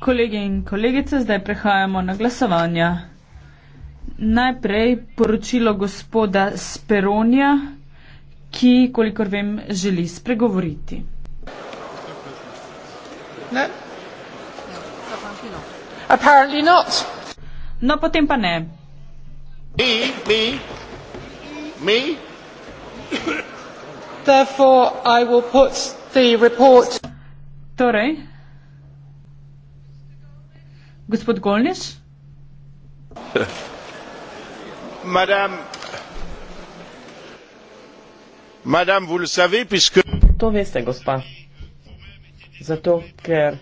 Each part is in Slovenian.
Kolegi in kolegice, zdaj prehajamo na glasovanja. Najprej poročilo gospoda Speronja, ki, kolikor vem, želi spregovoriti. No, potem pa ne. Me, me, me. Therefore, I will put the report. Torej, gospod Golniš. To veste, gospa. Zato, ker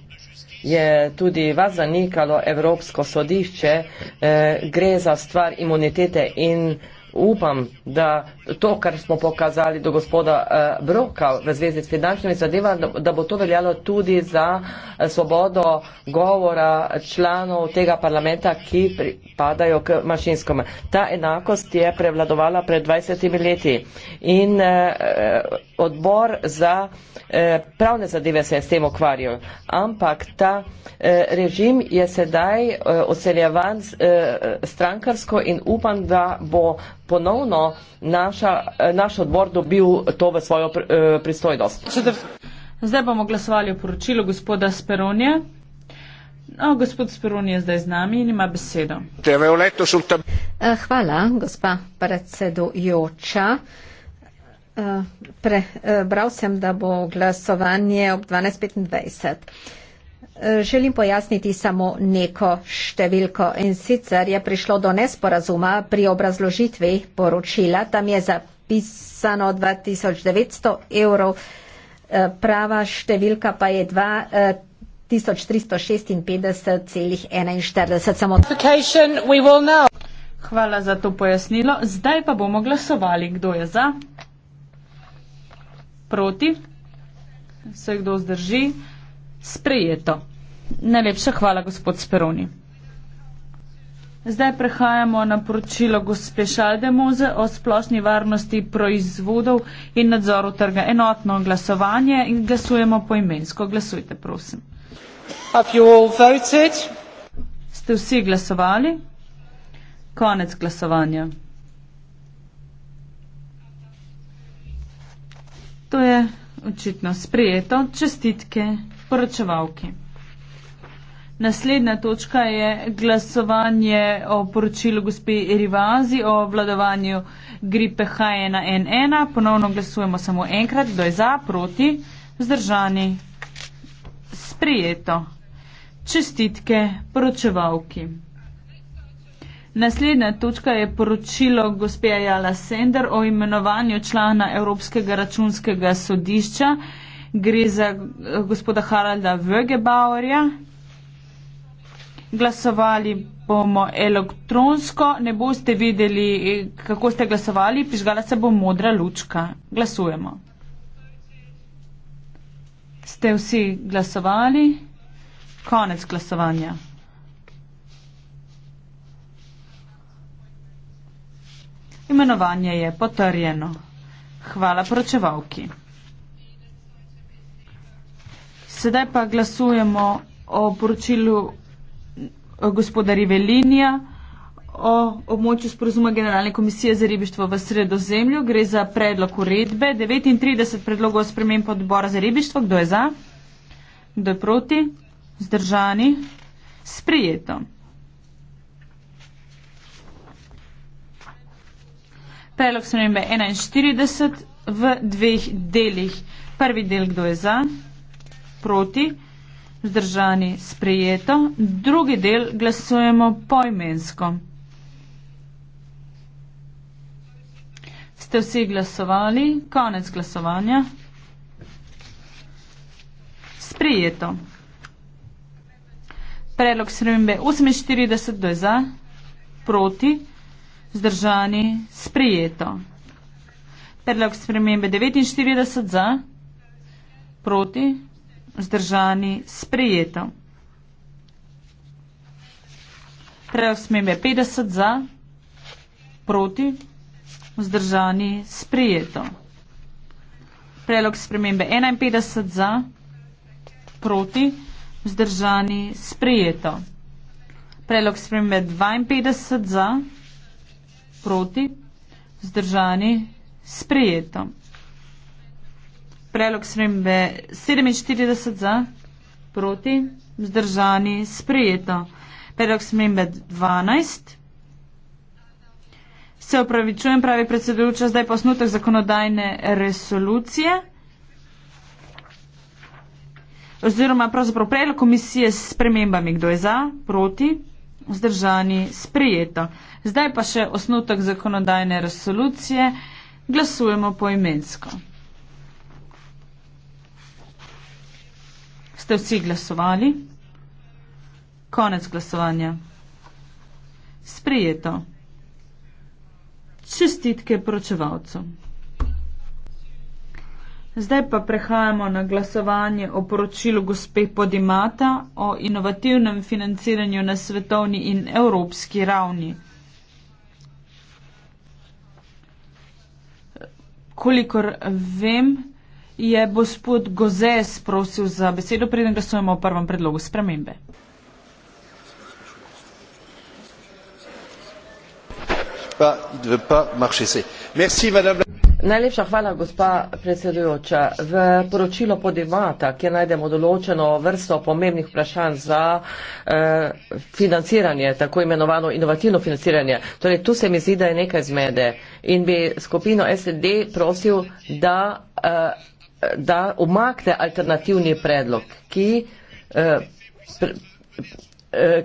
je tudi vas zanikalo Evropsko sodišče, eh, gre za stvar imunitete in upam, da to, kar smo pokazali do gospoda eh, Broka v zvezi s finančnimi zadevami, da bo to veljalo tudi za eh, svobodo govora članov tega parlamenta, ki pripadajo k manjšinskom. Ta enakost je prevladovala pred 20 leti in eh, odbor za pravne zadeve se je s tem ukvarjal, ampak ta režim je sedaj oseljevan strankarsko in upam, da bo ponovno naša, eh, naš odbor dobil to v svojo eh, pristojnost. Zdaj bomo glasovali o poročilu gospoda Speronija. No, gospod Speroni je zdaj z nami in ima besedo. Eh, hvala, gospa predsedujoča. Prebral sem, da bo glasovanje ob 12.25 želim pojasniti samo neko številko in sicer je prišlo do nesporazuma pri obrazložitvi poročila, tam je zapisano 2900 evrov, eh, prava številka pa je 2356,41. Eh, samo... Hvala za to pojasnilo. Zdaj pa bomo glasovali, kdo je za. Proti. Se kdo zdrži? Sprejeto. Najlepša hvala, gospod Speroni. Zdaj prehajamo na poročilo gospe Šaldemoze o splošni varnosti proizvodov in nadzoru trga. Enotno glasovanje in glasujemo poimensko. Glasujte, prosim. Ste vsi glasovali? Konec glasovanja. To je očitno sprijeto. Čestitke poročevalki. Naslednja točka je glasovanje o poročilu gospe Erivazi o vladovanju gripe H1N1. Ponovno glasujemo samo enkrat, kdo je za, proti, zdržani. Sprijeto. Čestitke poročevalki. Naslednja točka je poročilo gospe Ajala Sender o imenovanju člana Evropskega računskega sodišča. Gre za eh, gospoda Haralda Vögebauerja glasovali bomo elektronsko, ne boste videli, kako ste glasovali, prižgala se bo modra lučka. Glasujemo. Ste vsi glasovali? Konec glasovanja. Imenovanje je potrjeno. Hvala poročevalki. Sedaj pa glasujemo o poročilu Eh, gospoda Rivelinija o območju sporozuma Generalne komisije za ribištvo v sredozemlju. Gre za predlog uredbe 39 predlogov sprememb odbora za ribištvo. Kdo je za? Kdo je proti? Zdržani? Sprijeto. Predlog spremembe 41 v dveh delih. Prvi del, kdo je za? Proti? Zdržani sprejeto, drugi del glasujemo poimensko. Ste vsi glasovali, konec glasovanja. Sprijeto. Predlog srembe 48 do je za, proti, zdržani, sprijeto. Predlog srembe 49 za, proti, vzdržani, sprejeto. Preosmem je 50 za, proti, vzdržani, sprejeto. Prelog spremembe 51 za, proti, vzdržani, sprejeto. Prelog spremembe 52 za, proti, vzdržani, sprejeto predlog srembe 47 za, proti, vzdržani, sprejeto. Predlog srembe 12. Se upravičujem, pravi predsedujoča, zdaj posnutek zakonodajne resolucije. Oziroma, pravzaprav predlog komisije s spremembami, kdo je za, proti, vzdržani, sprejeto. Zdaj pa še osnutek zakonodajne resolucije. Glasujemo poimensko. imensko. Ste vsi glasovali? Konec glasovanja. Sprijeto. Čestitke poročevalcu. Zdaj pa prehajamo na glasovanje o poročilu gospe Podimata o inovativnem financiranju na svetovni in evropski ravni. Kolikor vem, je gospod Gozes prosil za besedo, preden glasujemo o prvem predlogu spremembe. Najlepša hvala, gospa predsedujoča. V poročilo podivata, kjer najdemo določeno vrsto pomembnih vprašanj za eh, financiranje, tako imenovano inovativno financiranje. Torej, tu se mi zdi, da je nekaj zmede in bi skupino SED prosil, da. Eh, da umakne alternativni predlog, ki se eh,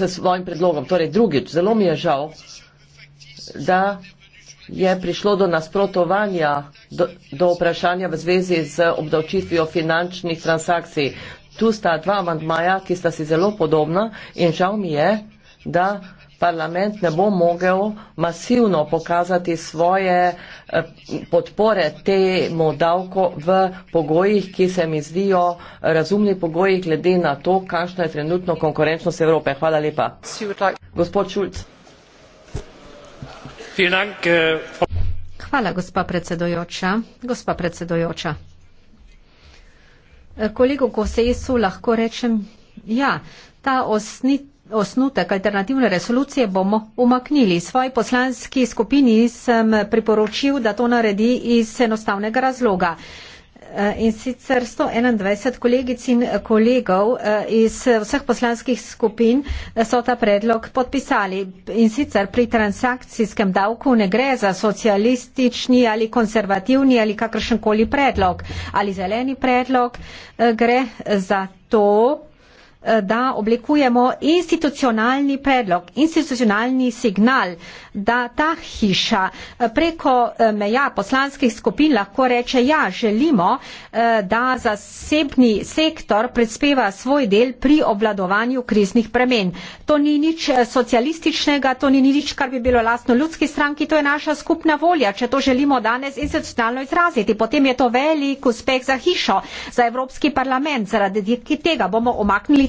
eh, svojim predlogom, torej drugič, zelo mi je žal, da je prišlo do nasprotovanja, do, do vprašanja v zvezi z obdavčitvijo finančnih transakcij. Tu sta dva amantmaja, ki sta si zelo podobna in žal mi je, da uh, parlament ne bo mogel masivno pokazati svoje eh, podpore temu davku v pogojih, ki se mi zdijo eh, razumni pogoji glede na to, kakšna je trenutno konkurenčnost Evrope. Hvala lepa. Gospod Šulc. Hvala, gospa predsedojoča. Gospa predsedojoča. Eh, Kolego Kosejsu lahko rečem, ja, ta osnit osnutek alternativne resolucije bomo umaknili. Svoji poslanski skupini sem priporočil, da to naredi iz enostavnega razloga. Eh, in sicer 121 kolegic in kolegov eh, iz vseh poslanskih skupin eh, so ta predlog podpisali. In sicer pri transakcijskem davku ne gre za socialistični ali konservativni ali kakršenkoli predlog ali zeleni predlog, gre za to Eh, da oblikujemo institucionalni predlog, institucionalni signal, da ta hiša eh, preko eh, meja poslanskih skupin lahko reče, ja, želimo, da zasebni sektor prispeva svoj del pri obvladovanju kriznih premen. To ni nič socialističnega, to ni nič, kar bi bilo lastno ljudski stranki, to je naša skupna volja, če to želimo danes institucionalno izraziti. Potem je to velik uspeh za hišo, za Evropski parlament, zaradi tega bomo omaknili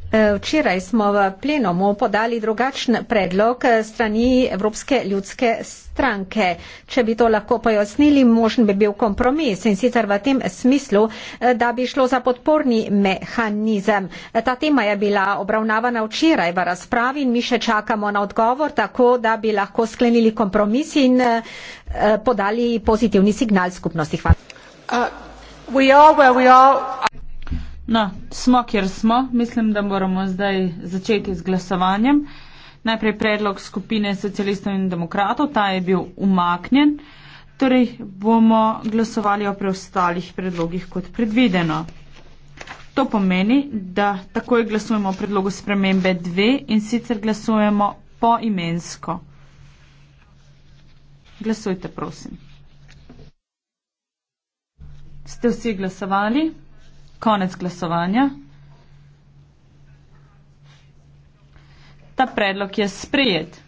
E, včeraj smo v plenomu podali drugačen predlog e, strani Evropske ljudske stranke. Če bi to lahko pojasnili, možen bi bil kompromis in sicer v tem smislu, e, da bi šlo za podporni mehanizem. Ta tema je bila obravnavana včeraj v razpravi in mi še čakamo na odgovor, tako da bi lahko sklenili kompromis in podali pozitivni signal skupnosti. Hvala. Uh, we are where we are. No, smo, kjer smo. Mislim, da moramo zdaj začeti z glasovanjem. Najprej predlog skupine socialistov in demokratov, ta je bil umaknjen. Torej bomo glasovali o preostalih predlogih kot predvideno. To pomeni, da takoj glasujemo o predlogu spremembe 2 in sicer glasujemo poimensko. Glasujte, prosim. Ste vsi glasovali? Konec glasovanja. Ta predlog je sprejet.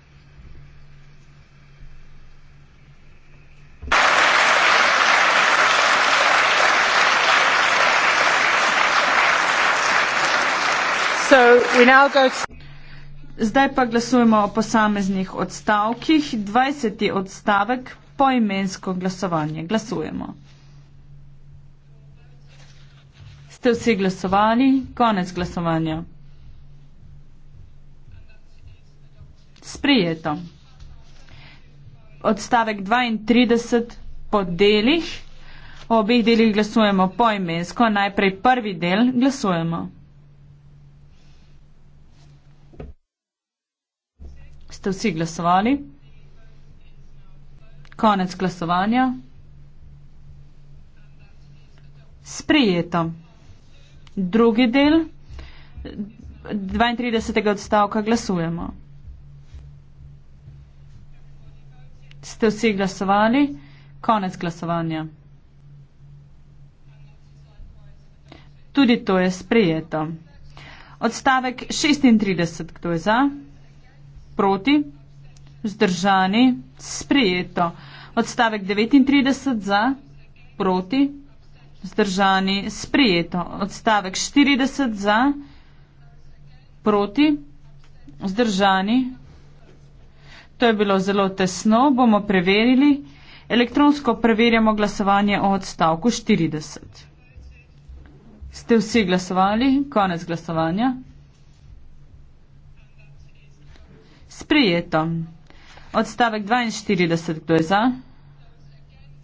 So we now go Zdaj pa glasujemo o posameznih odstavkih. 20. odstavek, poimensko glasovanje. Glasujemo. Ste vsi glasovali? Konec glasovanja. Sprijeto. Odstavek 32 po delih. O obih delih glasujemo poimensko. Najprej prvi del glasujemo. Ste vsi glasovali? Konec glasovanja. Sprijeto. Drugi del 32. odstavka glasujemo. Ste vsi glasovali? Konec glasovanja. Tudi to je sprejeto. Odstavek 36. Kdo je za? Proti? Zdržani? Sprejeto. Odstavek 39. Za? Proti? Zdržani sprijeto. Odstavek 40 za, proti, zdržani. To je bilo zelo tesno, bomo preverili. Elektronsko preverjamo glasovanje o odstavku 40. Ste vsi glasovali? Konec glasovanja. Sprijeto. Odstavek 42, kdo je za?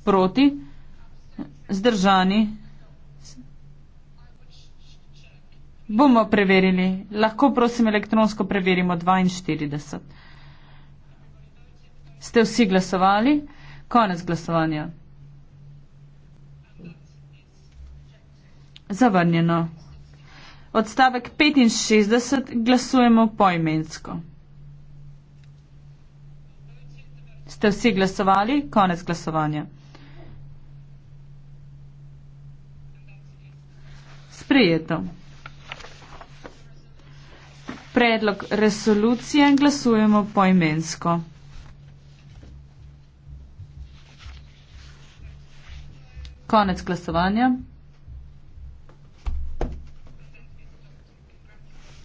Proti zdržani. Bomo preverili. Lahko prosim elektronsko preverimo 42. Ste vsi glasovali? Konec glasovanja. Zavrnjeno. Odstavek 65 glasujemo poimensko. Ste vsi glasovali? Konec glasovanja. sprejeto. Predlog resolucije glasujemo poimensko. Konec glasovanja.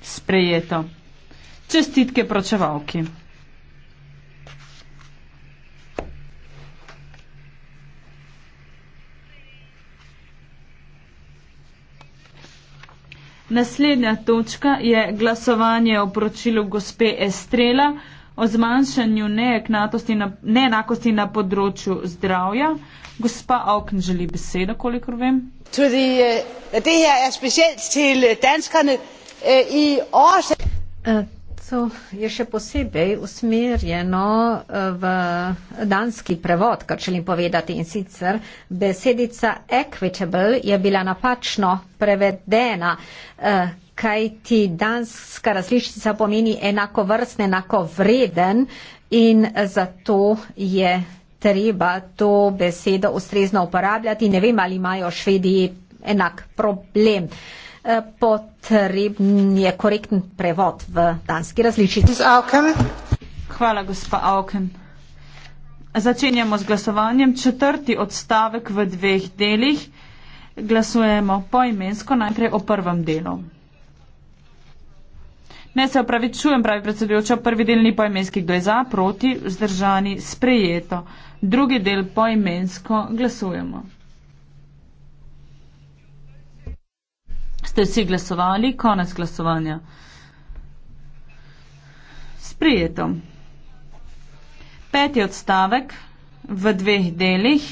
Sprejeto. Čestitke pročevalki. Naslednja točka je glasovanje o poročilu gospe Estrela o zmanjšanju na, neenakosti na področju zdravja. Gospa Avken želi besedo, kolikor vem. Tudi, uh, tekstu je še posebej usmerjeno eh, v danski prevod, kar želim povedati in sicer besedica equitable je bila napačno prevedena, eh, kaj ti danska različnica pomeni enakovrsten, enakovreden in zato je treba to besedo ustrezno uporabljati. Ne vem, ali imajo švedi enak problem. Uh, potreben je korekten prevod v danski različici. Hvala, gospa Auken. Začenjamo z glasovanjem. Četrti odstavek v dveh delih. Glasujemo poimensko najprej o prvem delu. Ne se opravičujem, pravi predsedujoča, prvi del ni poimenski, kdo je za, proti, vzdržani, sprejeto. Drugi del poimensko glasujemo. Ste vsi glasovali? Konec glasovanja. Sprijeto. Peti odstavek v dveh delih.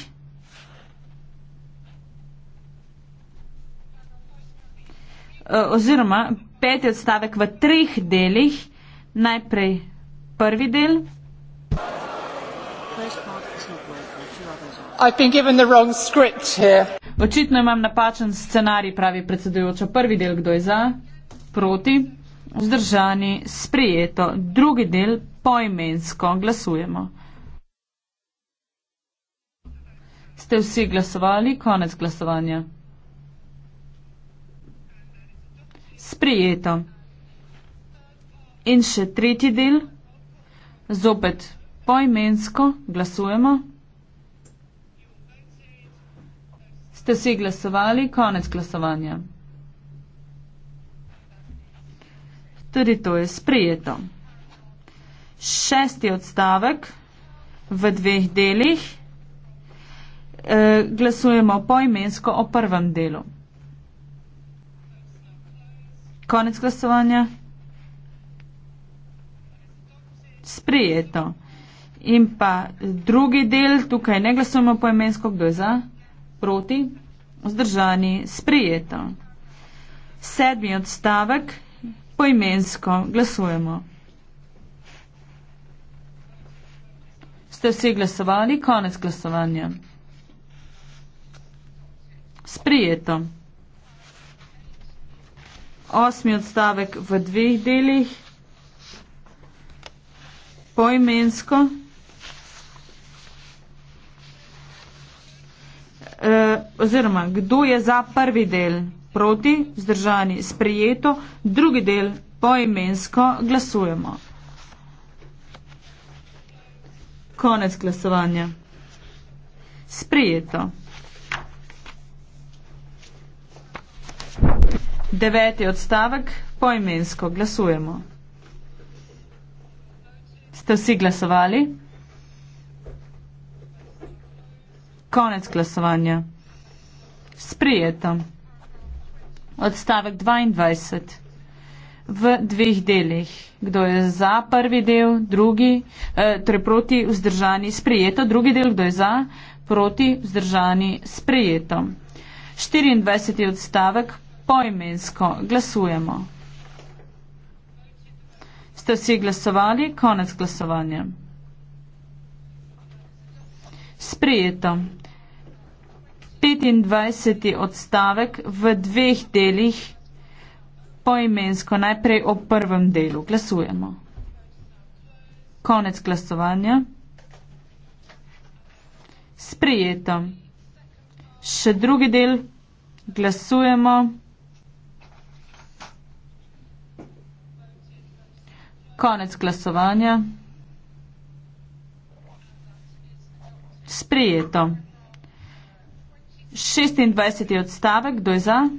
E, oziroma, peti odstavek v treh delih. Najprej prvi del. I've been given the wrong script here. Očitno imam napačen scenarij, pravi predsedujoča. Prvi del, kdo je za, proti, vzdržani, sprijeto. Drugi del, poimensko, glasujemo. Ste vsi glasovali? Konec glasovanja. Sprijeto. In še tretji del, zopet poimensko, glasujemo. Ste si glasovali? Konec glasovanja. Tudi to je sprijeto. Šesti odstavek v dveh delih. E, glasujemo poimensko o prvem delu. Konec glasovanja. Sprijeto. In pa drugi del, tukaj ne glasujemo poimensko, kdo je za proti, vzdržani, sprejeto. Sedmi odstavek, poimensko, glasujemo. Ste vsi glasovali, konec glasovanja. Sprijeto. Osmi odstavek v dveh delih, poimensko, glasujemo. eh, oziroma kdo je za prvi del proti, zdržani, sprijeto, drugi del poimensko glasujemo. Konec glasovanja. Sprijeto. Deveti odstavek, poimensko glasujemo. Ste vsi glasovali? Konec glasovanja. Sprijeto. Odstavek 22. V dveh delih. Kdo je za prvi del, drugi, eh, torej proti vzdržani sprijeto, drugi del, kdo je za, proti vzdržani sprijeto. 24. odstavek poimensko. Glasujemo. Ste vsi glasovali? Konec glasovanja. Sprijeto. 25. odstavek v dveh delih poimensko. Najprej o prvem delu. Glasujemo. Konec glasovanja. Sprijeto. Še drugi del. Glasujemo. Konec glasovanja. Sprijeto. 26. odstavek, kdo je za?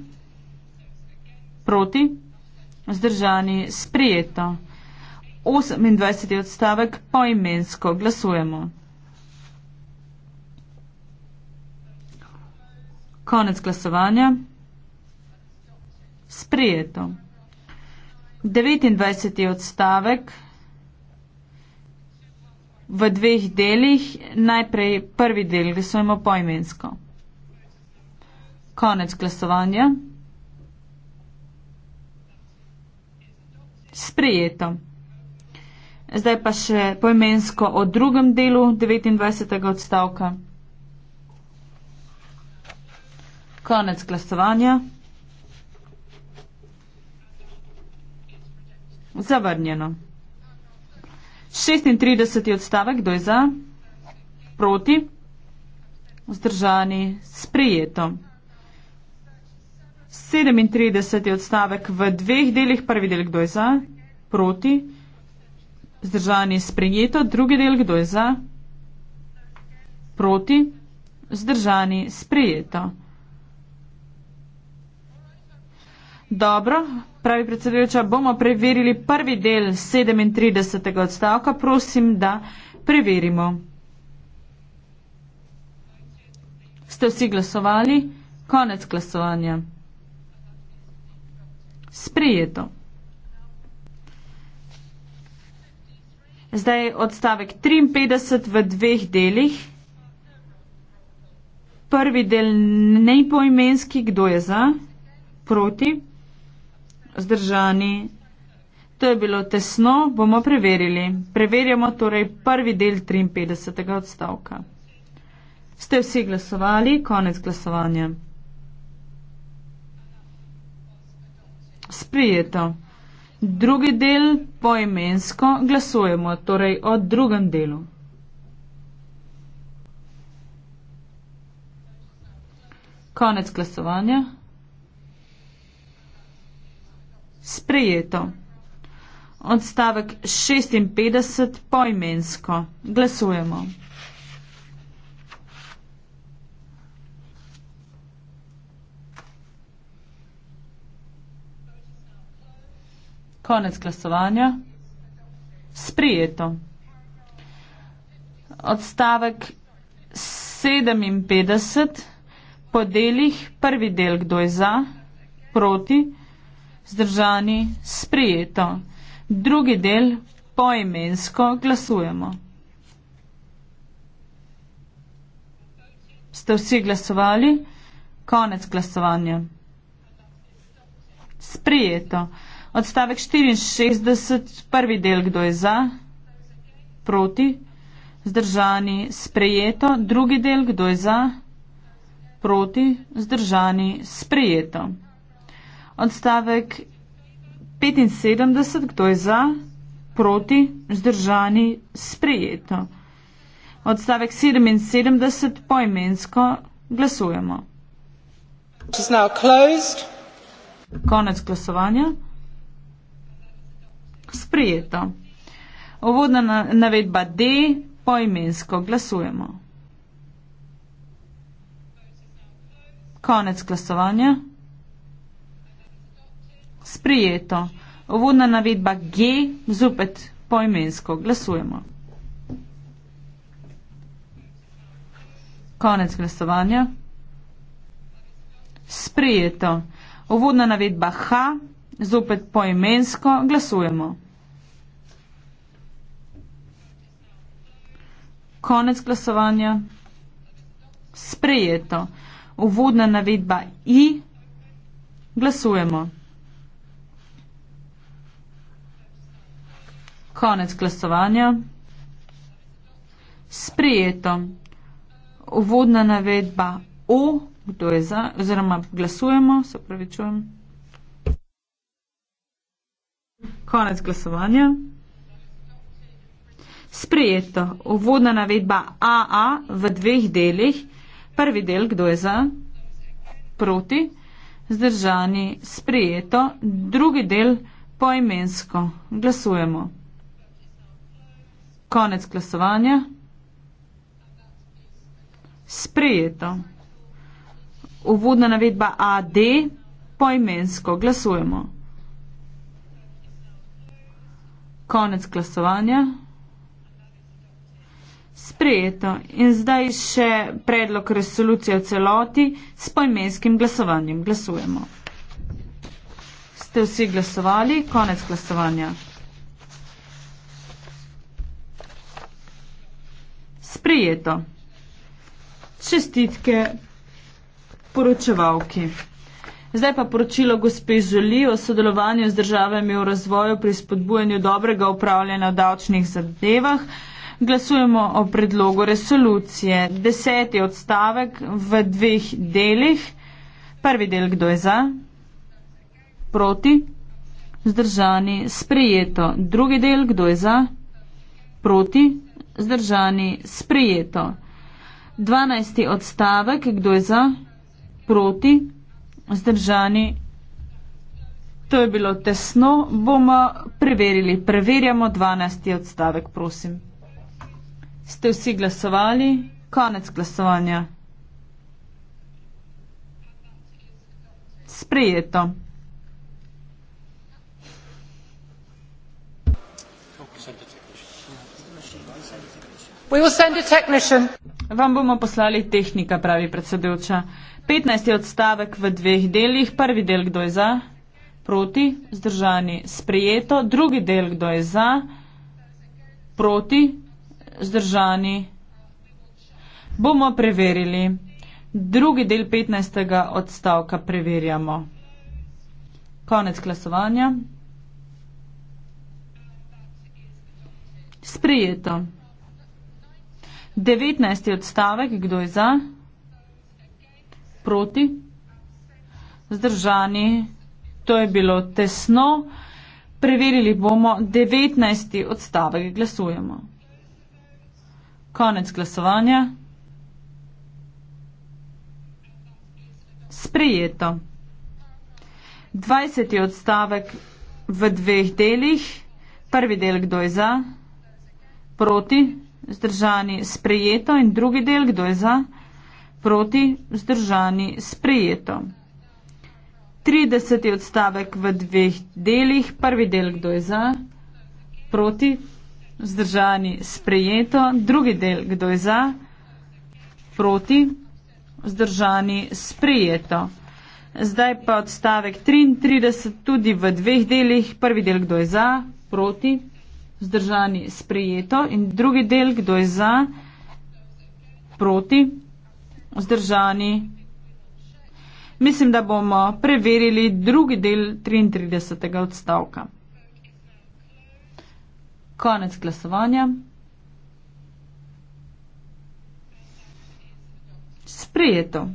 Proti? Vzdržani? Sprijeto. 28. odstavek, poimensko, glasujemo. Konec glasovanja. Sprijeto. 29. odstavek v dveh delih. Najprej prvi del glasujemo poimensko. imensko. Konec glasovanja. Sprejeto. Zdaj pa še poimensko o drugem delu 29. odstavka. Konec glasovanja. Zavrnjeno. 36. odstavek, kdo je za? Proti? Vzdržani? Sprejeto. 37. odstavek v dveh delih, prvi del, kdo je za, proti, zdržani, sprejeto, drugi del, kdo je za, proti, zdržani, sprejeto. Dobro, pravi predsedujoča, bomo preverili prvi del 37. odstavka, prosim, da preverimo. Ste vsi glasovali? Konec glasovanja sprejeto. Zdaj odstavek 53 v dveh delih. Prvi del ne poimenski, kdo je za, proti, zdržani. To je bilo tesno, bomo preverili. Preverjamo torej prvi del 53. odstavka. Ste vsi glasovali, konec glasovanja. sprijeto. Drugi del poimensko glasujemo, torej o drugem delu. Konec glasovanja. Sprijeto. Odstavek 56 poimensko glasujemo. Konec glasovanja. Sprijeto. Odstavek 57. Po delih prvi del, kdo je za, proti, zdržani, sprijeto. Drugi del poimensko glasujemo. Ste vsi glasovali? Konec glasovanja. Sprijeto. Odstavek 64, prvi del, kdo je za, proti, zdržani, sprejeto. Drugi del, kdo je za, proti, zdržani, sprejeto. Odstavek 75, kdo je za, proti, zdržani, sprejeto. Odstavek 77, poimensko, glasujemo. Konec glasovanja sprejeto. Ovodna navedba D poimensko glasujemo. Konec glasovanja. Sprijeto. Ovodna navedba G zopet poimensko glasujemo. Konec glasovanja. Sprijeto. Ovodna navedba H zopet poimensko glasujemo. konec glasovanja. Sprejeto. Uvodna navedba I. Glasujemo. Konec glasovanja. Sprejeto. Uvodna navedba O. Kdo je za? Oziroma glasujemo. Se pravi, čujem. Konec glasovanja. Sprejeto. Uvodna navedba AA v dveh delih. Prvi del, kdo je za? Proti. Zdržani. Sprejeto. Drugi del poimensko. Glasujemo. Konec glasovanja. Sprejeto. Uvodna navedba AD poimensko. Glasujemo. Konec glasovanja sprejeto in zdaj še predlog resolucije v celoti s poimenskim glasovanjem. Glasujemo. Ste vsi glasovali? Konec glasovanja. Sprejeto. Čestitke poročevalki. Zdaj pa poročilo gospe Žoli o sodelovanju z državami v razvoju pri spodbujanju dobrega upravljanja v davčnih zadevah. Glasujemo o predlogu resolucije. Deseti odstavek v dveh delih. Prvi del, kdo je za? Proti? Zdržani? Sprejeto. Drugi del, kdo je za? Proti? Zdržani? Sprejeto. Dvanajsti odstavek, kdo je za? Proti? Zdržani? To je bilo tesno, bomo preverili. Preverjamo dvanajsti odstavek, prosim. Ste vsi glasovali? Konec glasovanja. Sprejeto. We will send a technician. Vam bomo poslali tehnika, pravi predsedujoča. 15 je odstavek v dveh delih. Prvi del, kdo je za? Proti. Zdržani. Sprejeto. Drugi del, kdo je za? Proti zdržani. Bomo preverili. Drugi del 15. odstavka preverjamo. Konec glasovanja. Sprijeto. 19. odstavek, kdo je za? Proti? Zdržani. To je bilo tesno. Preverili bomo 19. odstavek, glasujemo. Konec glasovanja. Sprijeto. 20. odstavek v dveh delih. Prvi del, kdo je za, proti, zdržani, sprijeto. In drugi del, kdo je za, proti, zdržani, sprijeto. 30. odstavek v dveh delih. Prvi del, kdo je za, proti, Vzdržani sprejeto. Drugi del, kdo je za? Proti. Vzdržani sprejeto. Zdaj pa odstavek 33 tudi v dveh delih. Prvi del, kdo je za? Proti. Vzdržani sprejeto. In drugi del, kdo je za? Proti. Vzdržani. Mislim, da bomo preverili drugi del 33. odstavka. Konec glasovanja. Sprejeto.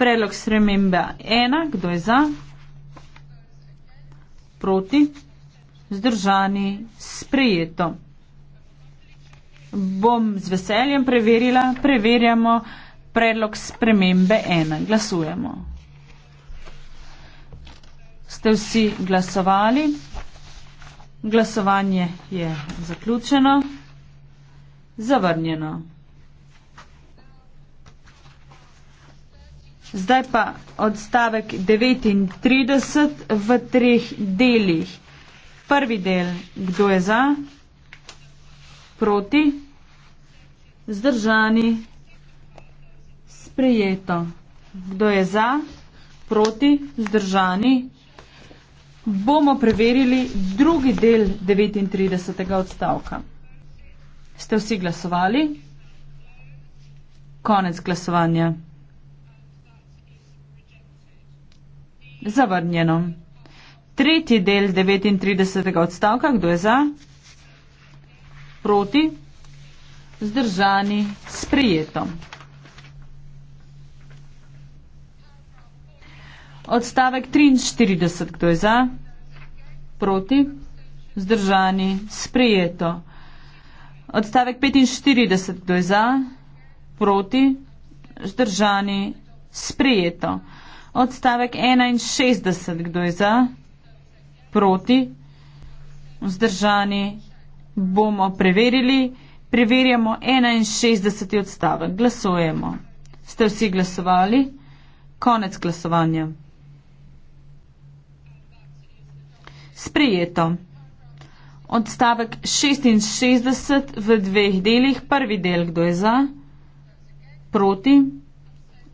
Predlog sprememba ena. Kdo je za? Proti? Zdržani? Sprejeto. Bom z veseljem preverila. Preverjamo predlog spremembe ena. Glasujemo ste vsi glasovali. Glasovanje je zaključeno. Zavrnjeno. Zdaj pa odstavek 39 v treh delih. Prvi del, kdo je za, proti, zdržani, sprejeto. Kdo je za, proti, zdržani, bomo preverili drugi del 39. odstavka. Ste vsi glasovali? Konec glasovanja. Zavrnjeno. Tretji del 39. odstavka, kdo je za? Proti? Zdržani, sprijeto. Odstavek 43, kdo je za? Proti? Zdržani? Sprijeto. Odstavek 45, kdo je za? Proti? Zdržani? Sprijeto. Odstavek 61, kdo je za? Proti? Zdržani? Bomo preverili. Preverjamo 61. odstavek. Glasujemo. Ste vsi glasovali? Konec glasovanja. sprejeto. Odstavek 66 v dveh delih. Prvi del, kdo je za, proti,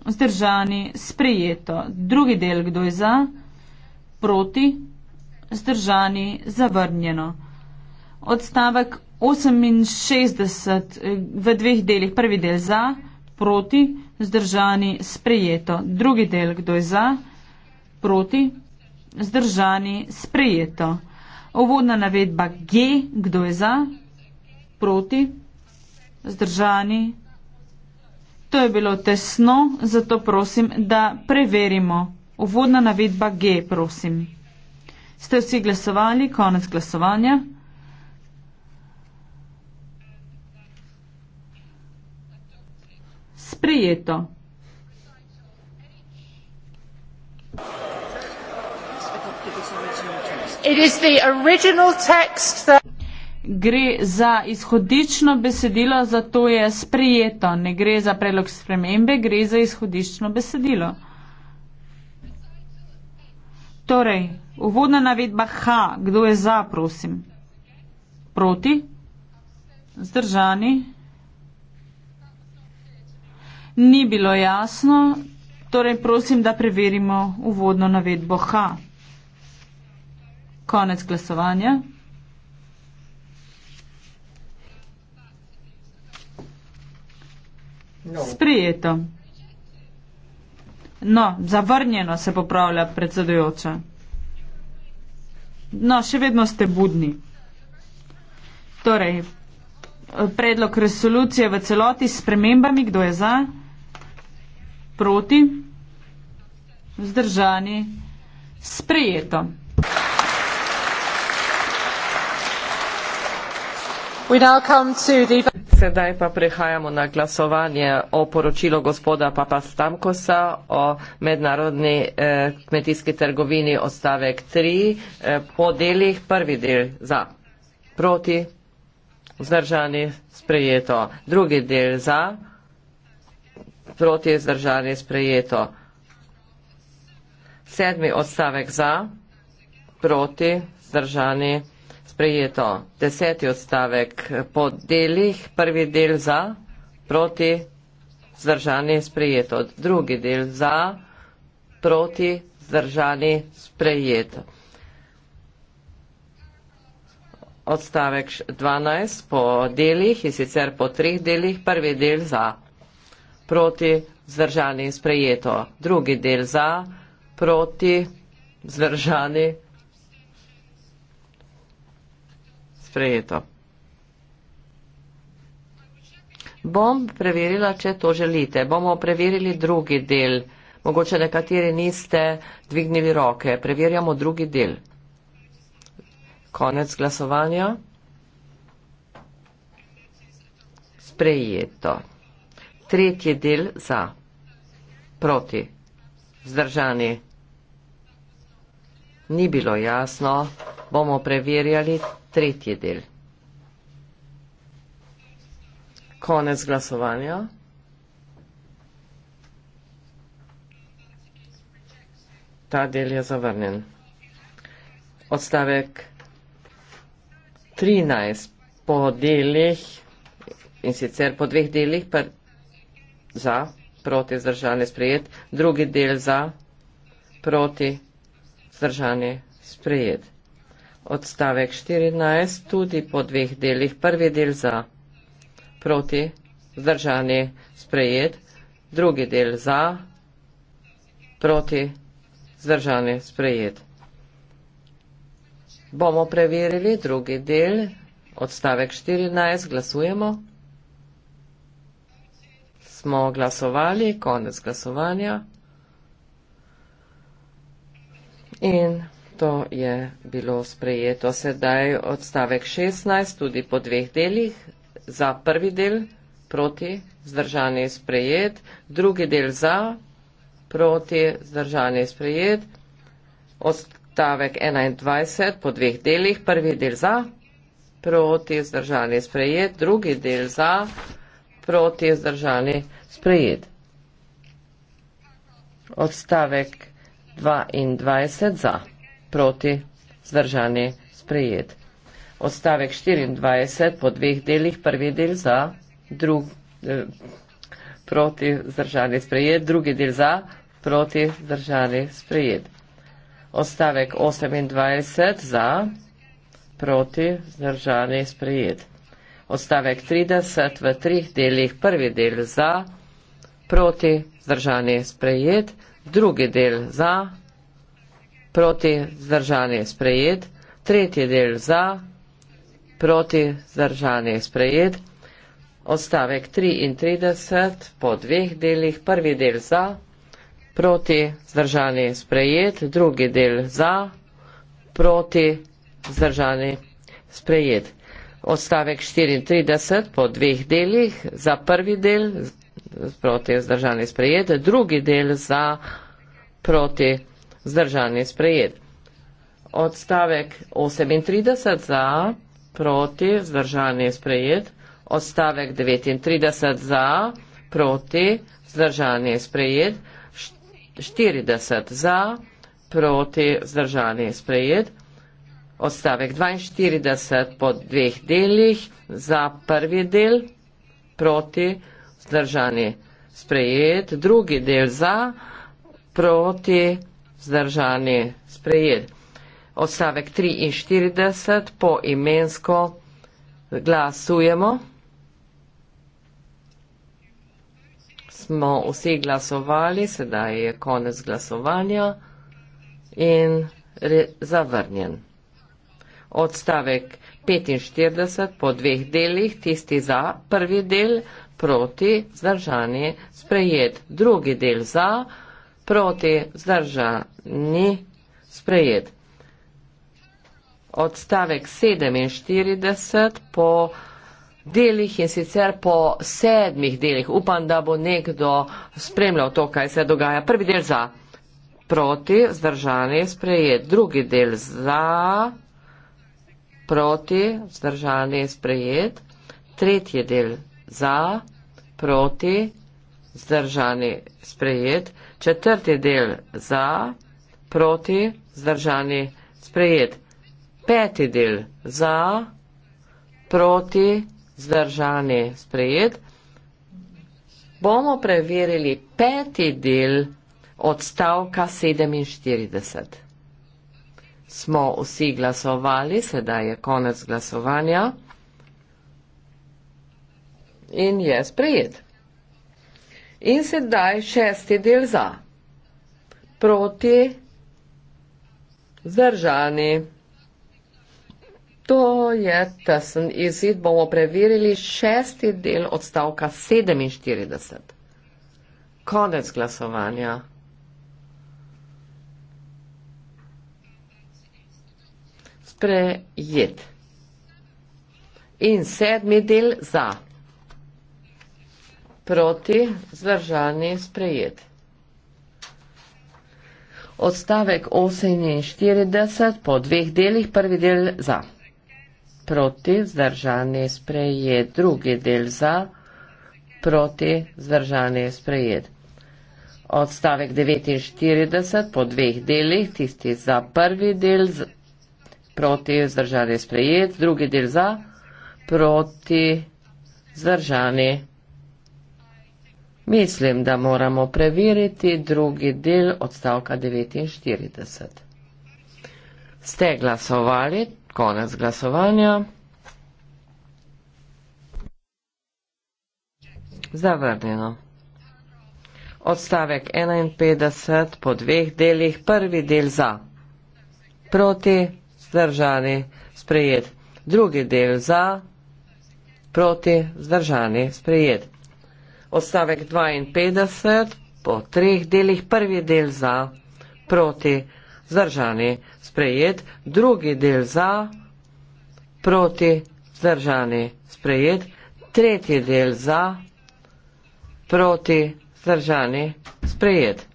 zdržani, sprejeto. Drugi del, kdo je za, proti, zdržani, zavrnjeno. Odstavek 68 eh, v dveh delih. Prvi del za, proti, zdržani, sprejeto. Drugi del, kdo je za, proti, zdržani. Zdržani, sprejeto. Uvodna navedba G, kdo je za, proti, zdržani. To je bilo tesno, zato prosim, da preverimo. Uvodna navedba G, prosim. Ste vsi glasovali, konec glasovanja. Sprejeto. Gre za izhodično besedilo, zato je sprijeto. Ne gre za predlog spremembe, gre za izhodično besedilo. Torej, uvodna navedba H, kdo je za, prosim. Proti? Zdržani? Ni bilo jasno, torej prosim, da preverimo uvodno navedbo H konec glasovanja. No. Sprijeto. No, zavrnjeno se popravlja predsedujoča. No, še vedno ste budni. Torej, predlog resolucije v celoti s premembami, kdo je za, proti, vzdržani, sprejeto. Sedaj pa prehajamo na glasovanje o poročilo gospoda Papa Stamkosa o mednarodni eh, kmetijski trgovini odstavek 3 eh, po delih prvi del za proti vzdržani sprejeto drugi del za proti vzdržani sprejeto sedmi odstavek za proti vzdržani sprejeto sprejeto. Deseti odstavek po delih, prvi del za, proti, zdržani, sprejeto. Drugi del za, proti, zdržani, sprejeto. Odstavek 12 po delih in sicer po treh delih, prvi del za, proti, zdržani, sprejeto. Drugi del za, proti, zdržani, sprejeto. sprejeto. Bom preverila, če to želite. Bomo preverili drugi del. Mogoče nekateri niste dvignili roke. Preverjamo drugi del. Konec glasovanja. Sprejeto. Tretji del za. Proti. Zdržani. Ni bilo jasno. Bomo preverjali tretji del. Konec glasovanja. Ta del je zavrnjen. Odstavek 13 po delih in sicer po dveh delih pa za, proti zdržanje sprejet, drugi del za, proti zdržanje sprejet odstavek 14 tudi po dveh delih. Prvi del za proti zdržanje sprejet, drugi del za proti zdržanje sprejet. Bomo preverili drugi del, odstavek 14, glasujemo. Smo glasovali, konec glasovanja. In leto je bilo sprejeto. Sedaj odstavek 16, tudi po dveh delih, za prvi del proti, zdržanje sprejet, drugi del za, proti, zdržanje sprejet, odstavek 21 po dveh delih, prvi del za, proti, zdržanje sprejet, drugi del za, proti, zdržanje sprejet. Odstavek 22 za proti zdržani sprejet. Odstavek 24 po dveh delih, prvi del za, drug, eh, proti zdržani sprejet, drugi del za, proti zdržani sprejet. Odstavek 28 za, proti zdržani sprejet. Odstavek 30 v treh delih, prvi del za, proti zdržani sprejet, drugi del za, proti zdržanje sprejet, tretji del za, proti zdržanje sprejet, odstavek 33 po dveh delih, prvi del za, proti zdržanje sprejet, drugi del za, proti zdržanje sprejet. Odstavek 34 po dveh delih za prvi del proti zdržanje sprejet, drugi del za proti zdržanje sprejet. Zdržan je sprejet. Odstavek 38 za, proti, zdržan je sprejet. Odstavek 39 za, proti, zdržan je sprejet. 40 za, proti, zdržan je sprejet. Odstavek 42 po dveh delih za prvi del, proti, zdržan je sprejet. Drugi del za, proti, zdržan je sprejet vzdržani sprejet. Odstavek 43 po imensko glasujemo. Smo vsi glasovali, sedaj je konec glasovanja in zavrnjen. Odstavek 45 po dveh delih, tisti za, prvi del proti, zdržani, sprejet, drugi del za, proti zdržani sprejet. Odstavek 47 po delih in sicer po sedmih delih. Upam, da bo nekdo spremljal to, kaj se dogaja. Prvi del za proti zdržani sprejet, drugi del za proti zdržani sprejet, tretji del za proti zdržani sprejet četrti del za, proti, zdržani, sprejet. Peti del za, proti, zdržani, sprejet. Bomo preverili peti del odstavka 47. Smo vsi glasovali, sedaj je konec glasovanja in je sprejet. In sedaj šesti del za. Proti zdržani. To je tesen izid. Bomo preverili šesti del odstavka 47. Konec glasovanja. Sprejet. In sedmi del za proti zdržani sprejet. Odstavek 48 po dveh delih, prvi del za, proti zdržani sprejet, drugi del za, proti zdržani sprejet. Odstavek 49 po dveh delih, tisti za prvi del, z, proti zdržani sprejet, drugi del za, proti zdržani sprejet. Mislim, da moramo preveriti drugi del odstavka 49. Ste glasovali? Konec glasovanja. Zavrnjeno. Odstavek 51 po dveh delih. Prvi del za. Proti. Zdržani. Sprejet. Drugi del za. Proti. Zdržani. Sprejet odstavek 52 po treh delih, prvi del za, proti, zdržani, sprejet, drugi del za, proti, zdržani, sprejet, tretji del za, proti, zdržani, sprejet.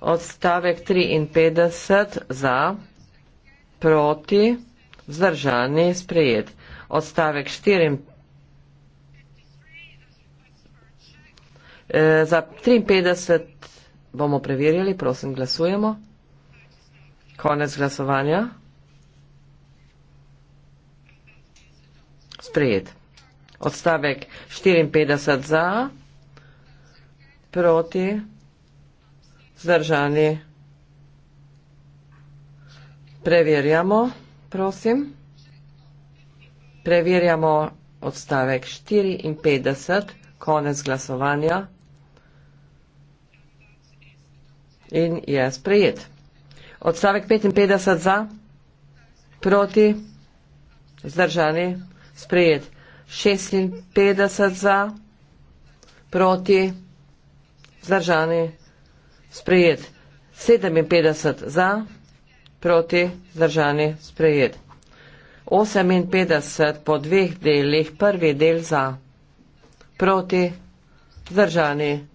Odstavek 53 za, proti, vzdržani, sprejet. Odstavek 54. Eh, za 53 bomo preverjali, prosim, glasujemo. Konec glasovanja. Sprejet. Odstavek 54 za, proti, zdržani. Preverjamo, prosim. Preverjamo odstavek 54, konec glasovanja. in je sprejet. Odstavek 55 za, proti, zdržani, sprejet. 56 za, proti, zdržani, sprejet. 57 za, proti, zdržani, sprejet. 58 po dveh delih, prvi del za, proti, zdržani,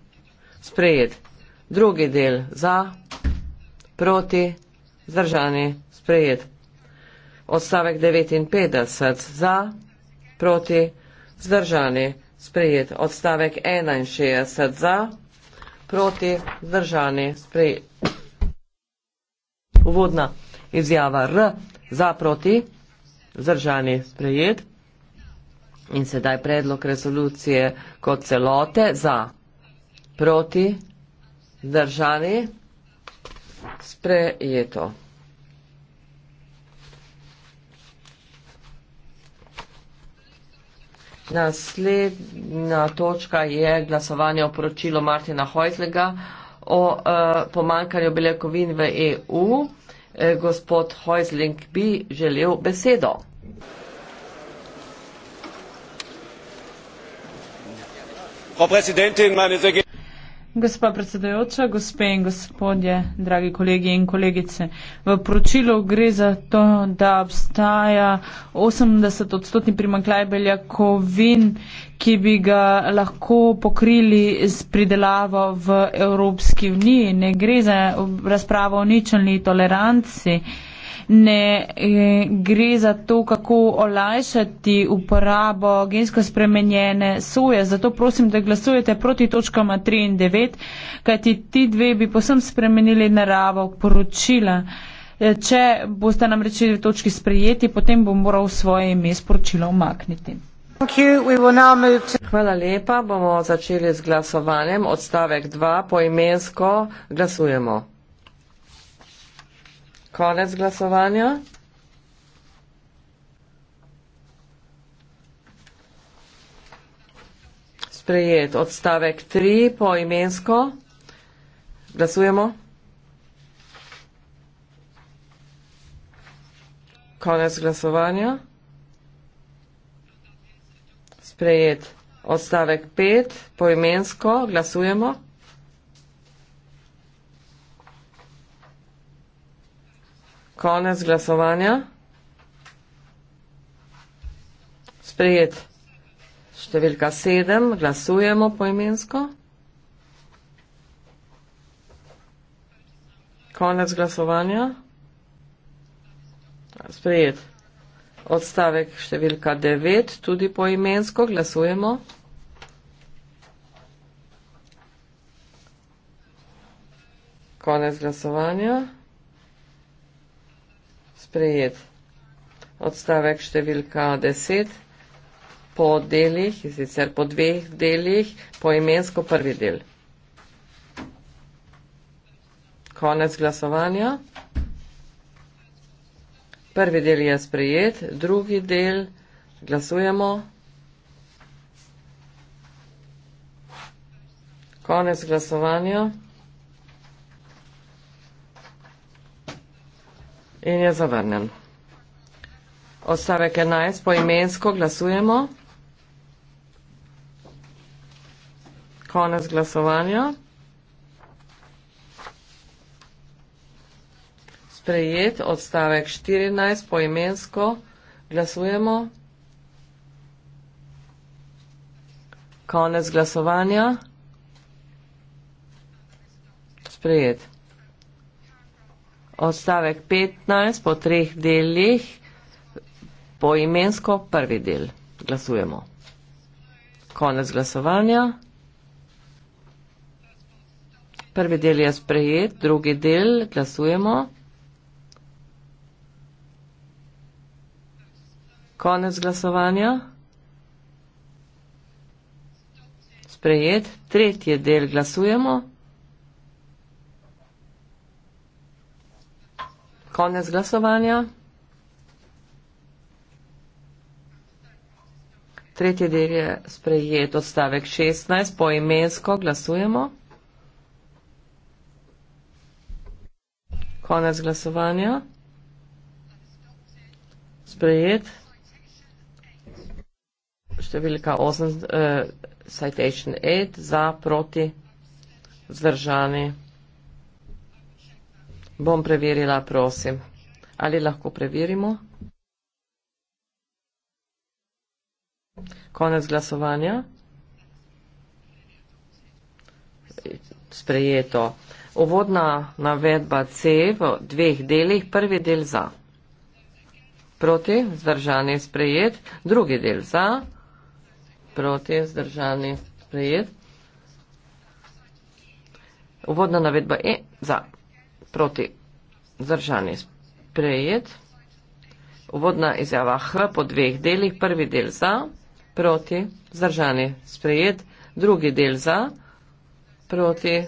sprejet drugi del za, proti, zdržani, sprejet. Odstavek 59 za, proti, zdržani, sprejet. Odstavek 61 za, proti, zdržani, sprejet. Uvodna izjava R za, proti, zdržani, sprejet. In sedaj predlog rezolucije kot celote za, proti, Zdržani, sprejeto. Naslednja točka je glasovanje o poročilu Martina Hojtlega o uh, eh, pomankanju beljakovin v EU. E, eh, gospod Hojzling bi želel besedo. Frau Präsidentin, meine sehr geehrten Gospa predsedajoča, gospe in gospodje, dragi kolegi in kolegice, v poročilu gre za to, da obstaja 80 odstotni primanklaj beljakovin, ki bi ga lahko pokrili z pridelavo v Evropski uniji. Ne gre za razpravo o ničelni toleranci. Uh, ne eh, gre za to, kako olajšati uporabo gensko spremenjene soje. Zato prosim, da glasujete proti točkama 3 in 9, kajti ti dve bi posem spremenili naravo poročila. Eh, če boste nam reči dve točki sprejeti, potem bom moral svoje ime sporočilo omakniti. Hvala lepa. Bomo začeli z glasovanjem. Odstavek 2 poimensko glasujemo konec glasovanja. Sprejet odstavek 3 po imensko. Glasujemo. Konec glasovanja. Sprejet odstavek 5 po imensko. Glasujemo. Konec glasovanja. Sprejet številka 7. Glasujemo poimensko. Konec glasovanja. Sprejet. Odstavek številka 9. Tudi poimensko glasujemo. Konec glasovanja sprejet. Odstavek številka 10 po delih, sicer po dveh delih, po imensko prvi del. Konec glasovanja. Prvi del je sprejet, drugi del glasujemo. Konec glasovanja. In je zavrnjen. Ostavek 11 poimensko glasujemo. Konec glasovanja. Sprejet odstavek 14 poimensko glasujemo. Konec glasovanja. Sprejet odstavek 15 po treh delih, poimensko prvi del. Glasujemo. Konec glasovanja. Prvi del je sprejet, drugi del glasujemo. Konec glasovanja. Sprejet, tretji del glasujemo. konec glasovanja. Tretji del je sprejet odstavek 16, poimensko glasujemo. Konec glasovanja. Sprejet. Številka 8, eh, citation 8, za, proti, zdržani. Bom preverila, prosim. Ali lahko preverimo? Konec glasovanja. Sprejeto. Uvodna navedba C v dveh delih. Prvi del za. Proti, zdržani, sprejet. Drugi del za. Proti, zdržani, sprejet. Uvodna navedba E za proti. Zdržan je sprejet. Uvodna izjava H po dveh delih. Prvi del za, proti, zdržan je sprejet. Drugi del za, proti,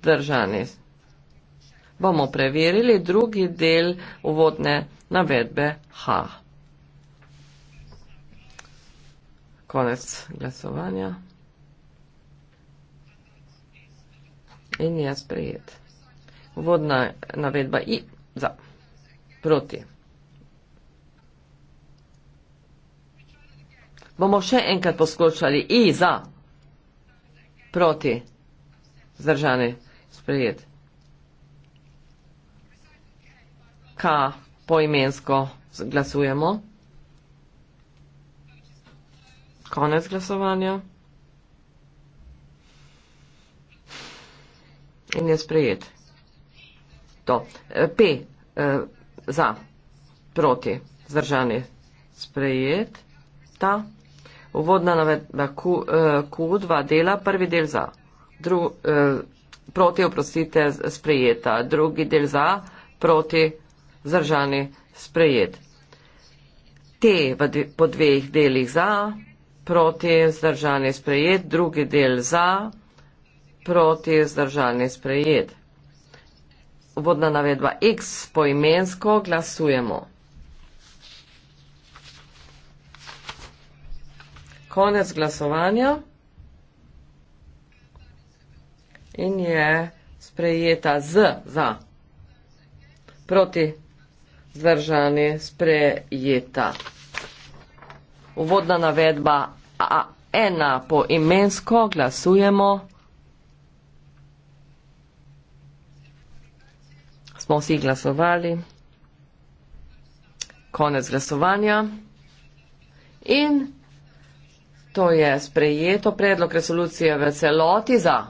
zdržan je. Bomo preverili drugi del uvodne navedbe H. Konec glasovanja. In je sprejet. Uvodna navedba i za. Proti. Bomo še enkrat poskočali i za. Proti. Zdržani. Sprejet. K poimensko glasujemo. Konec glasovanja. In je sprejet. To. Eh, P eh, za proti zdržanje sprejet. Ta. Uvodna navedba Q2 eh, dela, prvi del za, dru, eh, proti oprostite sprejeta, drugi del za, proti zdržani sprejet. T v, po dveh delih za, proti zdržani sprejet, drugi del za, proti zdržani sprejet vodna navedba X poimensko glasujemo. Konec glasovanja in je sprejeta z za. Proti zdržanje sprejeta. Uvodna navedba A1 poimensko glasujemo. smo vsi glasovali. Konec glasovanja. In to je sprejeto predlog resolucije v celoti za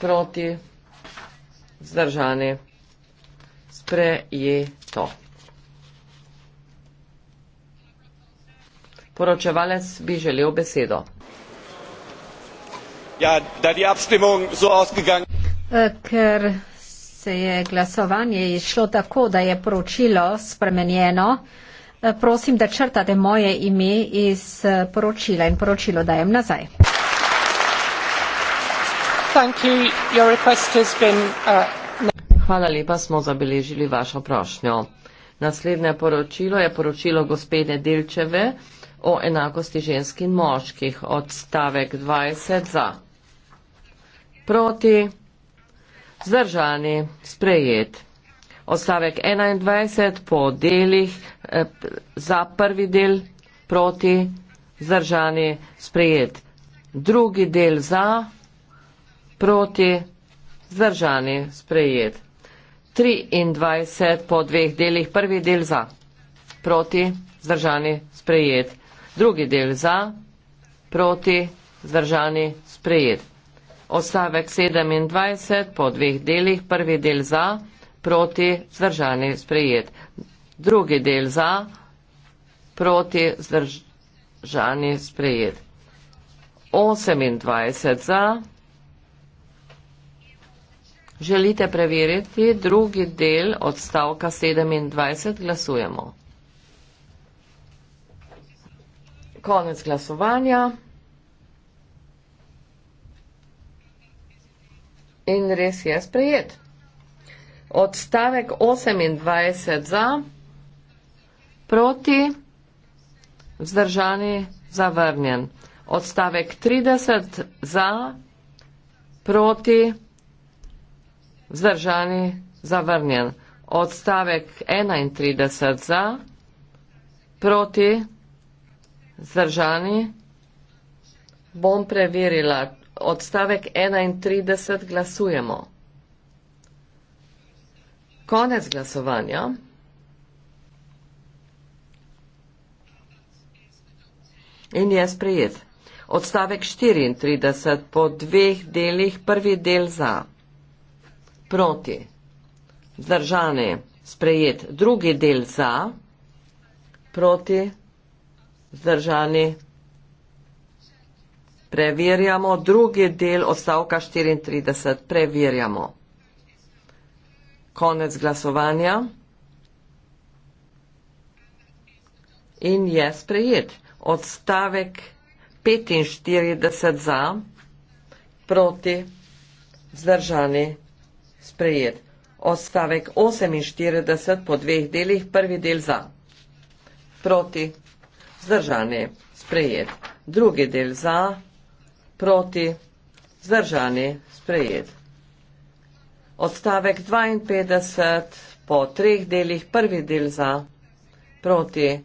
proti zdržani sprejeto. Poročevalec bi želel besedo. Ja, da je abstimung so ausgegangen. Ker se je glasovanje išlo tako, da je poročilo spremenjeno. Eh, prosim, da črtate moje ime iz eh, poročila in poročilo dajem nazaj. Uh, Hvala lepa, smo zabeležili vašo prošnjo. Naslednje poročilo je poročilo gospede Delčeve o enakosti ženskih in moških. Odstavek 20 za. Proti. Zdržani, sprejet. Odstavek 21 po delih eh, za prvi del proti zdržani sprejet. Drugi del za proti zdržani sprejet. 23 po dveh delih prvi del za proti zdržani sprejet. Drugi del za proti zdržani sprejet. Ostavek 27 po dveh delih, prvi del za, proti, zdržani, sprejet. Drugi del za, proti, zdržani, sprejet. 28 za. Želite preveriti drugi del odstavka 27, glasujemo. Konec glasovanja. in res je sprejet. Odstavek 28 za, proti, vzdržani, zavrnjen. Odstavek 30 za, proti, vzdržani, zavrnjen. Odstavek 31 za, proti, vzdržani. Bom preverila odstavek 31 glasujemo. Konec glasovanja. In je sprejet. Odstavek 34 po dveh delih, prvi del za, proti, zdržani, sprejet, drugi del za, proti, zdržani, sprejet. Preverjamo drugi del odstavka 34. Preverjamo. Konec glasovanja. In je sprejet. Odstavek 45 za, proti, vzdržani, sprejet. Odstavek 48 po dveh delih, prvi del za, proti, vzdržani, sprejet. Drugi del za, proti proti zdržani sprejet. Odstavek 52 po treh delih, prvi del za, proti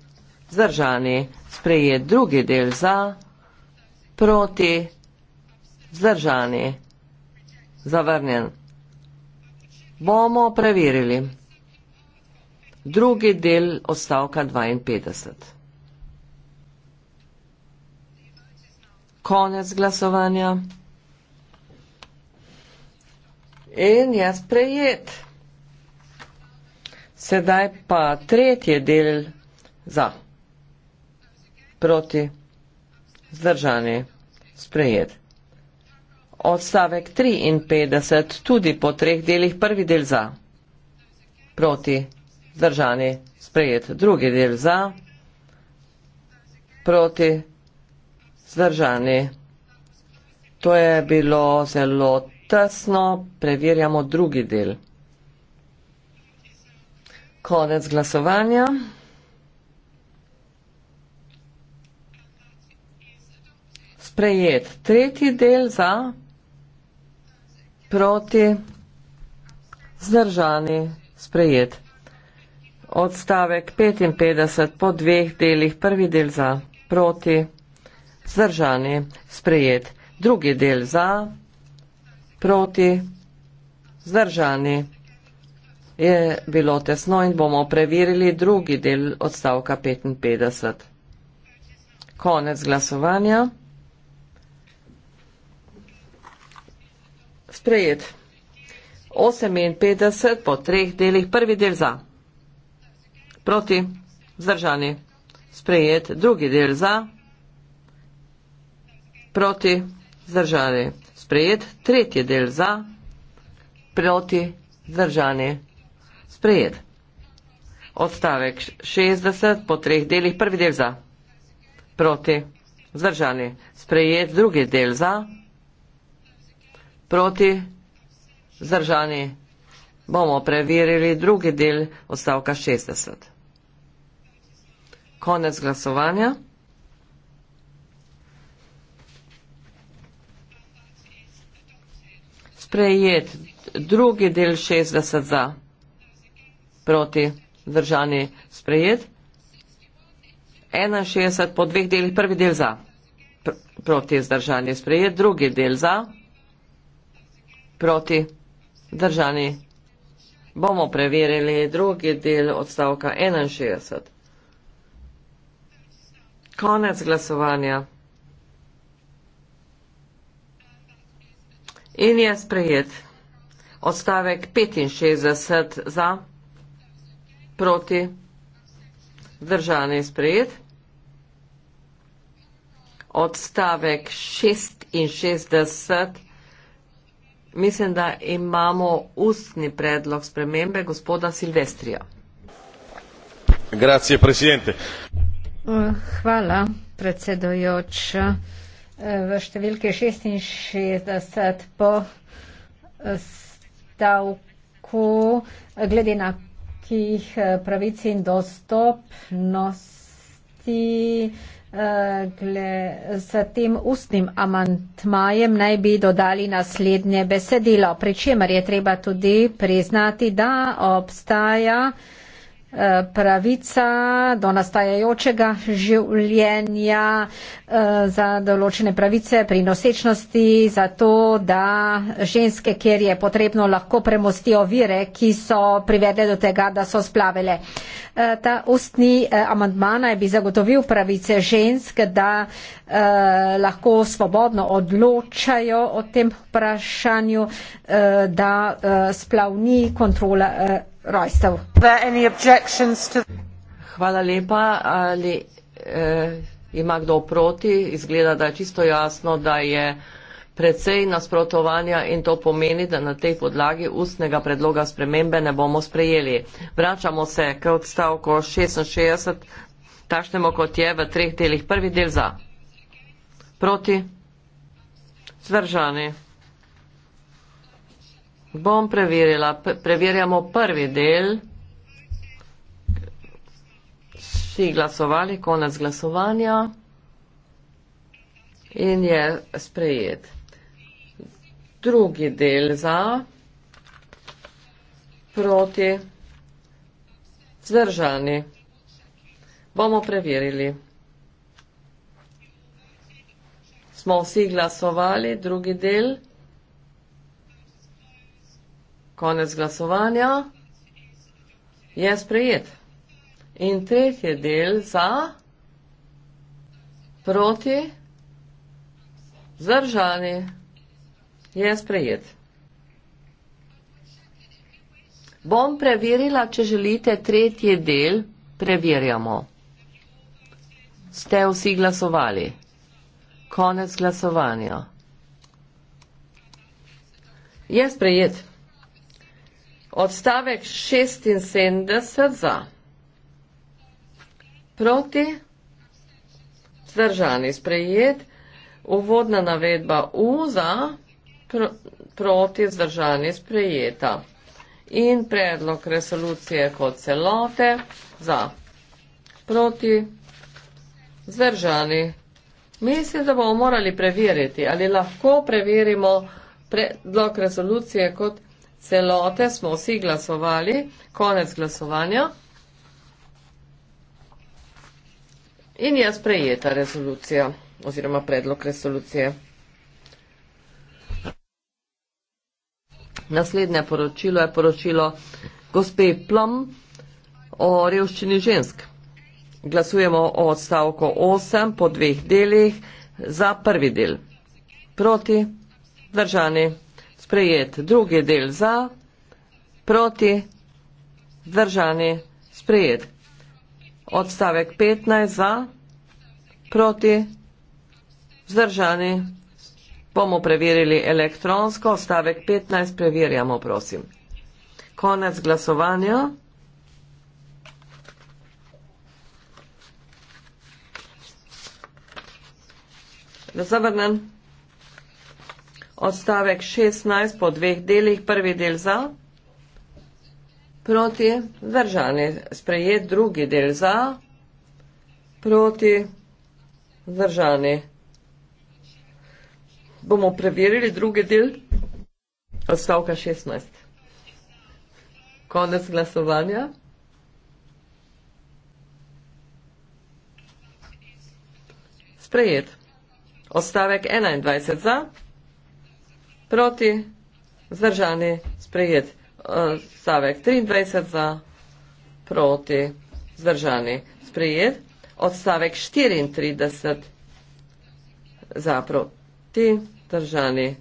zdržani sprejet, drugi del za, proti zdržani zavrnjen. Bomo preverili drugi del odstavka 52. konec glasovanja. In je sprejet. Sedaj pa tretji del za, proti, zdržani, sprejet. Odstavek 53, tudi po treh delih, prvi del za, proti, zdržani, sprejet. Drugi del za, proti, zdržani zdržani. To je bilo zelo tesno, preverjamo drugi del. Konec glasovanja. Sprejet tretji del za proti zdržani sprejet. Odstavek 55 po dveh delih, prvi del za proti zdržani. Zdržani, sprejet. Drugi del za, proti, zdržani. Je bilo tesno in bomo preverili drugi del odstavka 55. Konec glasovanja. Sprejet. 58 po treh delih. Prvi del za. Proti. Zdržani. Sprejet. Drugi del za proti zdržani. Sprejet tretji del za proti zdržani. Sprejet. Odstavek 60 po treh delih. Prvi del za proti zdržani. Sprejet drugi del za proti zdržani. Bomo preverili drugi del odstavka 60. Konec glasovanja. sprejet drugi del 60 za proti držani sprejet. 61 po dveh delih, prvi del za pr proti zdržani sprejet, drugi del za proti držani. Bomo preverili drugi del odstavka 61. Konec glasovanja. In je sprejet odstavek 65 za proti držani sprejet. Odstavek 66, mislim, da imamo ustni predlog spremembe gospoda Silvestrija. Hvala, predsedojoča v številki 66 po stavku glede na kih pravic in dostopnosti eh, s tem ustnim amantmajem naj bi dodali naslednje besedilo, pri čemer je treba tudi priznati, da obstaja vsega, Eh, pravica do nastajajočega življenja, eh, za določene pravice pri nosečnosti, za to, da ženske, kjer je potrebno, lahko premostijo vire, ki so privedle do tega, da so splavele. Eh, ta ustni amantmana je bi zagotovil pravice žensk, da lahko svobodno odločajo o tem vprašanju, da splav ni kontrola rojstev. Hvala lepa. Ali eh, ima kdo proti? Izgleda, da je čisto jasno, da je precej nasprotovanja in to pomeni, da na tej podlagi ustnega predloga spremembe ne bomo sprejeli. Vračamo se k odstavku 66, tašnemo kot je v treh delih. Prvi del za. Proti. Zdržani. Bom preverila. Preverjamo prvi del. Vsi glasovali, konec glasovanja. In je sprejet. Drugi del za, proti, vzdržani. Bomo preverili. Smo vsi glasovali, drugi del konec glasovanja je sprejet. In tretji del za, proti, zdržani je sprejet. Bom preverila, če želite tretji del, preverjamo. Ste vsi glasovali? Konec glasovanja. Je sprejet. Odstavek 76 za. Proti. Zdržani sprejet. Uvodna navedba U za. Pro, proti zdržani sprejeta. In predlog resolucije kot celote za. Proti. Zdržani. Mislim, da bomo morali preveriti, ali lahko preverimo predlog resolucije kot celote celote smo vsi glasovali, konec glasovanja. In je sprejeta rezolucija oziroma predlog resolucije. Naslednje poročilo je poročilo gospe Plom o revščini žensk. Glasujemo o odstavku 8 po dveh delih za prvi del. Proti, držani sprejet. Drugi del za, proti, zdržani, sprejet. Odstavek 15 za, proti, zdržani, bomo preverili elektronsko, odstavek 15 preverjamo, prosim. Konec glasovanja. Zavrnen. Zavrnen odstavek 16 po dveh delih, prvi del za, proti vzdržanje, sprejet drugi del za, proti vzdržanje. Bomo preverili drugi del odstavka 16. Konec glasovanja. Sprejet. Odstavek 21 za proti, zdržani, sprejet. E, stavek 23 za proti, zdržani, sprejet. Odstavek 34 za proti, zdržani.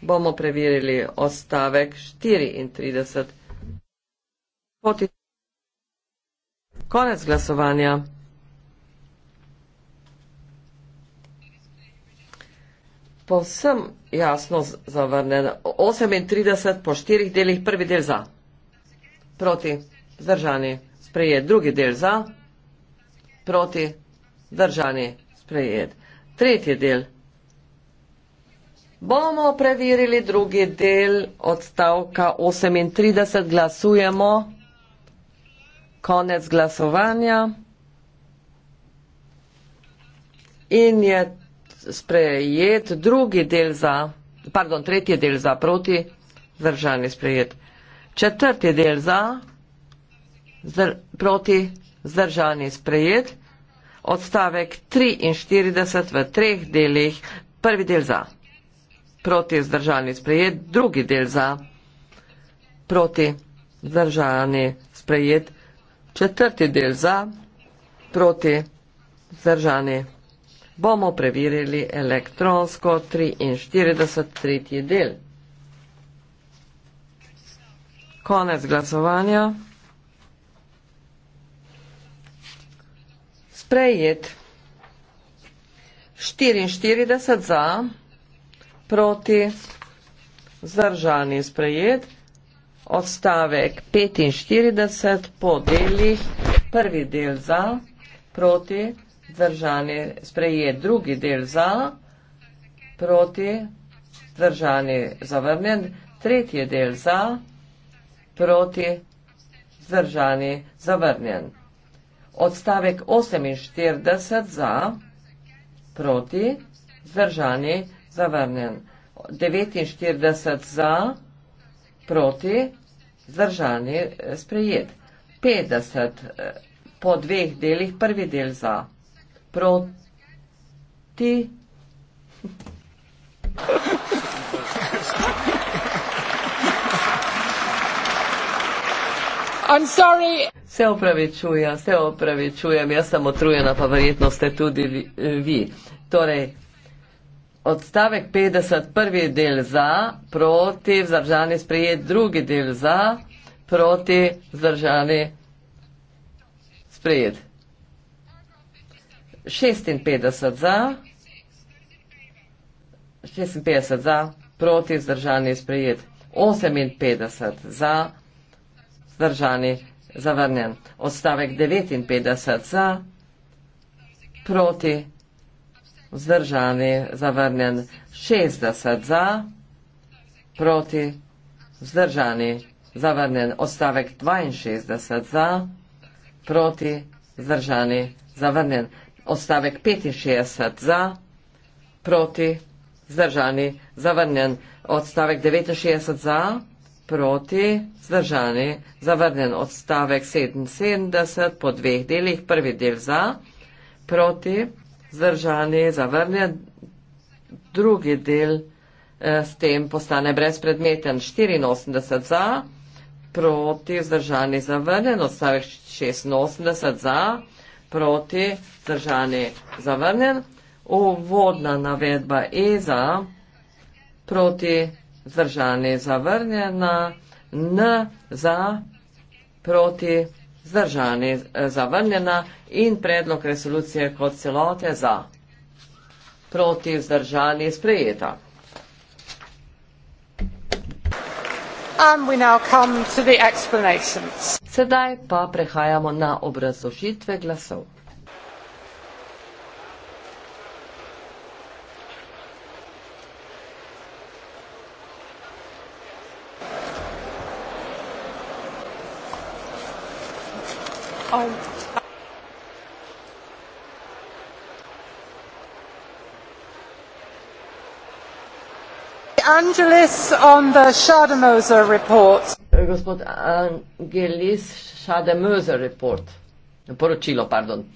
Bomo preverili odstavek 34 proti. Konec glasovanja. Povsem jasno zavrnjen. 38 po štirih delih, prvi del za. Proti. Zdržani. Sprejet. Drugi del za. Proti. Zdržani. Sprejet. Tretji del. Bomo preverili drugi del odstavka 38. Glasujemo. Konec glasovanja. In je tudi sprejet, drugi del za, pardon, tretji del za proti, zdržan je sprejet. Četrti del za, zdr, proti, zdržan je sprejet. Odstavek 43 v treh delih, prvi del za, proti, zdržan je sprejet, drugi del za, proti, zdržan je sprejet. Četrti del za, proti, zdržan je sprejet bomo preverili elektronsko 43. tretji del. Konec glasovanja. Sprejet. 44 za, proti, zdržani sprejet. Odstavek 45 po delih, prvi del za, proti, zdržani sprejet vzdržani sprejet, drugi del za, proti, vzdržani zavrnjen, tretji del za, proti, vzdržani zavrnjen. Odstavek 48 za, proti, vzdržani zavrnjen. 49 za, proti, vzdržani sprejet. 50 eh, po dveh delih, prvi del za proti. Se opravičujem, se opravičujem, jaz sem otrujena, pa verjetno ste tudi vi. Torej, odstavek 50, prvi del za, proti, vzdržani sprejet, drugi del za, proti, vzdržani sprejet. 56 za, 56 za, proti zdržani sprejet, 58 za, zdržani zavrnjen, odstavek 59 za, proti zdržani zavrnjen, 60 za, proti zdržani zavrnjen, odstavek 62 za, proti zdržani zavrnjen. Odstavek 65 za, proti, zdržani, zavrnjen. Odstavek 69 za, proti, zdržani, zavrnjen. Odstavek 77 po dveh delih, prvi del za, proti, zdržani, zavrnjen. Drugi del eh, s tem postane brezpredmeten. 84 za, proti, zdržani, zavrnjen. Odstavek 86 za proti, zdržani, zavrnjen. Uvodna navedba EZA, proti, zdržani, zavrnjena. N za, proti, zdržani, eh, zavrnjena. In predlog resolucije kot celote za, proti, zdržani, sprejeta. Um, Sedaj pa prehajamo na obrazložitve glasov. Oh. angelis on the schademoser report. Gospod Angelis, Schademoser report. Poročilo, pardon.